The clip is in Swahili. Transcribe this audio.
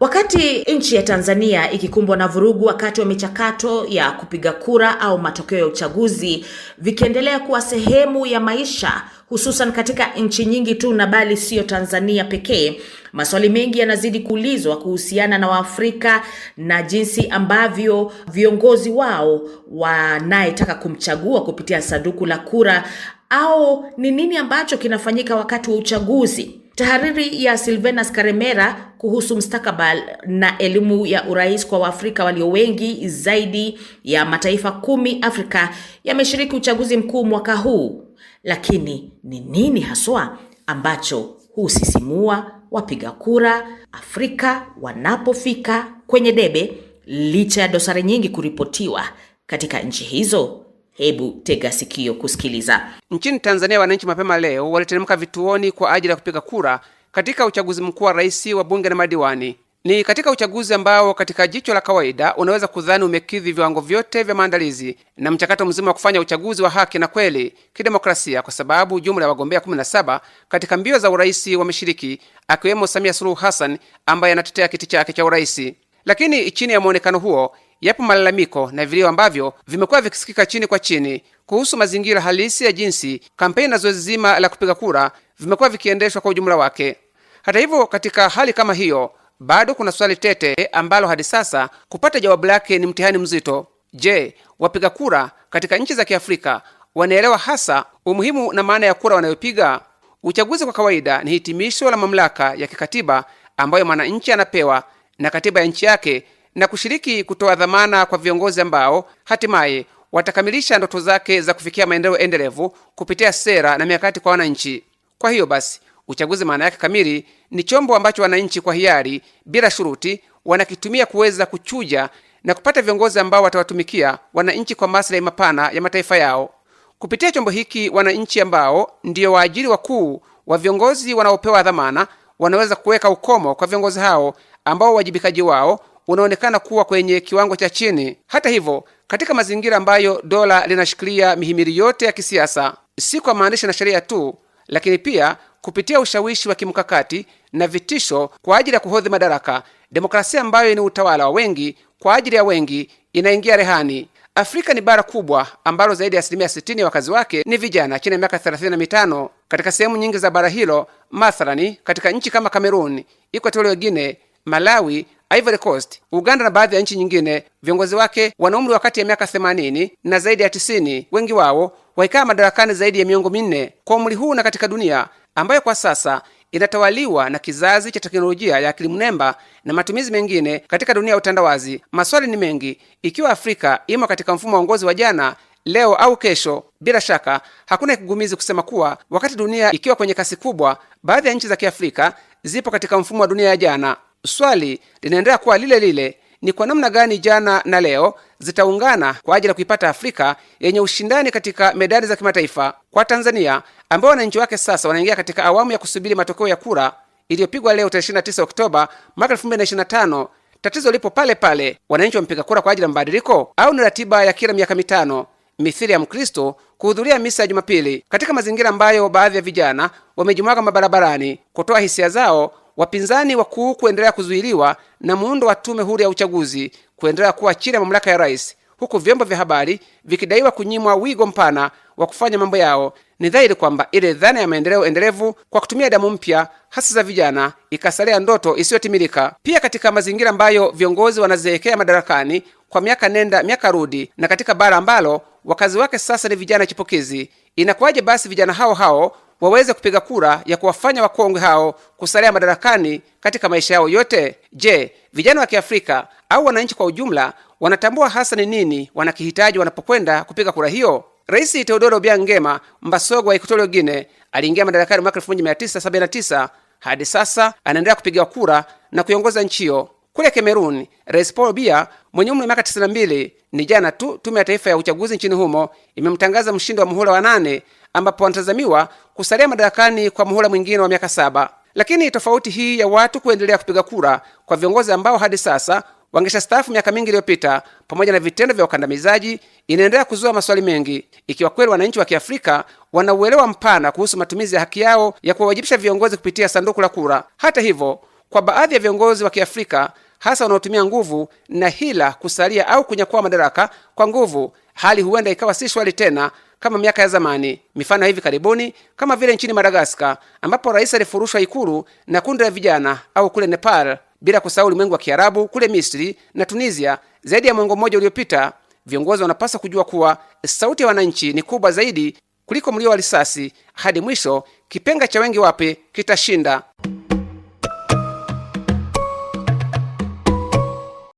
Wakati nchi ya Tanzania ikikumbwa na vurugu wakati wa michakato ya kupiga kura au matokeo ya uchaguzi vikiendelea kuwa sehemu ya maisha, hususan katika nchi nyingi tu na bali siyo Tanzania pekee, maswali mengi yanazidi kuulizwa kuhusiana na Waafrika na jinsi ambavyo viongozi wao wanayetaka kumchagua kupitia sanduku la kura, au ni nini ambacho kinafanyika wakati wa uchaguzi. Tahariri ya Silvanus Karemera kuhusu mstakabal na elimu ya urais kwa Waafrika walio wengi zaidi ya mataifa kumi Afrika yameshiriki uchaguzi mkuu mwaka huu. Lakini ni nini haswa ambacho husisimua wapiga kura Afrika wanapofika kwenye debe licha ya dosari nyingi kuripotiwa katika nchi hizo? Hebu tega sikio kusikiliza. Nchini Tanzania, wananchi mapema leo waliteremka vituoni kwa ajili ya kupiga kura katika uchaguzi mkuu wa rais, wa bunge na madiwani. Ni katika uchaguzi ambao katika jicho la kawaida unaweza kudhani umekidhi viwango vyote vya maandalizi na mchakato mzima wa kufanya uchaguzi wa haki na kweli kidemokrasia, kwa sababu jumla ya wagombea 17 katika mbio za urais wameshiriki, akiwemo Samia Suluhu Hassan ambaye anatetea kiti chake cha urais. Lakini chini ya mwonekano huo yapo malalamiko na vilio ambavyo vimekuwa vikisikika chini kwa chini kuhusu mazingira halisi ya jinsi kampeni na zoezi zima la kupiga kura vimekuwa vikiendeshwa kwa ujumla wake. Hata hivyo, katika hali kama hiyo, bado kuna swali tete ambalo hadi sasa kupata jawabu lake ni mtihani mzito. Je, wapiga kura katika nchi za Kiafrika wanaelewa hasa umuhimu na maana ya kura wanayopiga? Uchaguzi kwa kawaida ni hitimisho la mamlaka ya kikatiba ambayo mwananchi anapewa na katiba ya nchi yake na kushiriki kutoa dhamana kwa viongozi ambao hatimaye watakamilisha ndoto zake za kufikia maendeleo endelevu kupitia sera na mikakati kwa wananchi. Kwa hiyo basi, uchaguzi maana yake kamili ni chombo ambacho wananchi kwa hiari, bila shuruti, wanakitumia kuweza kuchuja na kupata viongozi ambao watawatumikia wananchi kwa maslahi mapana ya mataifa yao. Kupitia chombo hiki, wananchi ambao ndiyo waajiri wakuu wa viongozi wanaopewa dhamana, wanaweza kuweka ukomo kwa viongozi hao ambao uwajibikaji wao unaonekana kuwa kwenye kiwango cha chini. Hata hivyo, katika mazingira ambayo dola linashikilia mihimili yote ya kisiasa, si kwa maandishi na sheria tu, lakini pia kupitia ushawishi wa kimkakati na vitisho kwa ajili ya kuhodhi madaraka, demokrasia ambayo ni utawala wa wengi kwa ajili ya wengi inaingia rehani. Afrika ni bara kubwa ambalo zaidi ya asilimia 60 ya wakazi wake ni vijana chini ya miaka 35. Katika sehemu nyingi za bara hilo, mathalani katika nchi kama Kamerun, Equatorial Guinea, Malawi Ivory Coast, Uganda na baadhi ya nchi nyingine, viongozi wake wana umri wa kati ya miaka 80 na zaidi ya 90, wengi wao waikaa madarakani zaidi ya miongo minne. Kwa umri huu na katika dunia ambayo kwa sasa inatawaliwa na kizazi cha teknolojia ya akili mnemba na matumizi mengine katika dunia ya utandawazi, maswali ni mengi ikiwa Afrika imo katika mfumo wa uongozi wa jana leo au kesho. Bila shaka hakuna kigumizi kusema kuwa wakati dunia ikiwa kwenye kasi kubwa, baadhi ya nchi za Kiafrika zipo katika mfumo wa dunia ya jana swali linaendelea kuwa lile lile, ni kwa namna gani jana na leo zitaungana kwa ajili ya kuipata Afrika yenye ushindani katika medali za kimataifa kwa Tanzania, ambao wananchi wake sasa wanaingia katika awamu ya kusubiri matokeo ya kura iliyopigwa leo tarehe 29 Oktoba mwaka 2025. Tatizo lipo pale pale, wananchi wamepiga kura kwa ajili ya mabadiliko au ni ratiba ya kila miaka mitano mithili ya Mkristo kuhudhuria misa ya Jumapili katika mazingira ambayo baadhi ya vijana wamejimwaga mabarabarani kutoa hisia zao wapinzani wakuu kuendelea kuzuiliwa na muundo wa tume huru ya uchaguzi kuendelea kuwa chini ya mamlaka ya rais, huku vyombo vya habari vikidaiwa kunyimwa wigo mpana wa kufanya mambo yao, ni dhahiri kwamba ile dhana ya maendeleo endelevu kwa kutumia damu mpya hasa za vijana ikasalia ndoto isiyotimilika. Pia katika mazingira ambayo viongozi wanazeekea madarakani kwa miaka nenda miaka rudi, na katika bara ambalo wakazi wake sasa ni vijana chipukizi, inakuwaje basi vijana hao hao waweze kupiga kura ya kuwafanya wakongwe hao kusalia madarakani katika maisha yao yote. Je, vijana wa Kiafrika au wananchi kwa ujumla wanatambua hasa ni nini wanakihitaji wanapokwenda kupiga kura hiyo? Rais Teodoro Obiang Ngema Mbasogo wa Equatorial Guinea aliingia madarakani mwaka 1979 hadi sasa anaendelea kupiga kura na kuiongoza nchi hiyo. Kule Kamerun, Rais Paul Biya mwenye umri wa miaka 92, ni jana tu tume ya taifa ya uchaguzi nchini humo imemtangaza mshindi wa muhula wa nane ambapo wanatazamiwa kusalia madarakani kwa muhula mwingine wa miaka saba. Lakini tofauti hii ya watu kuendelea kupiga kura kwa viongozi ambao hadi sasa wangeshastaafu miaka mingi iliyopita, pamoja na vitendo vya ukandamizaji, inaendelea kuzua maswali mengi, ikiwa kweli wananchi wa Kiafrika wana uelewa mpana kuhusu matumizi ya haki yao ya kuwawajibisha viongozi kupitia sanduku la kura. Hata hivyo, kwa baadhi ya viongozi wa Kiafrika, hasa wanaotumia nguvu na hila kusalia au kunyakua madaraka kwa nguvu, hali huenda ikawa si swali tena, kama miaka ya zamani, mifano ya hivi karibuni kama vile nchini Madagaskar ambapo rais alifurushwa ikulu na kundi la vijana, au kule Nepal, bila kusahau ulimwengu wa Kiarabu kule Misri na Tunisia zaidi ya mwongo mmoja uliopita. Viongozi wanapaswa kujua kuwa sauti ya wananchi ni kubwa zaidi kuliko mlio wa risasi. Hadi mwisho, kipenga cha wengi wape kitashinda.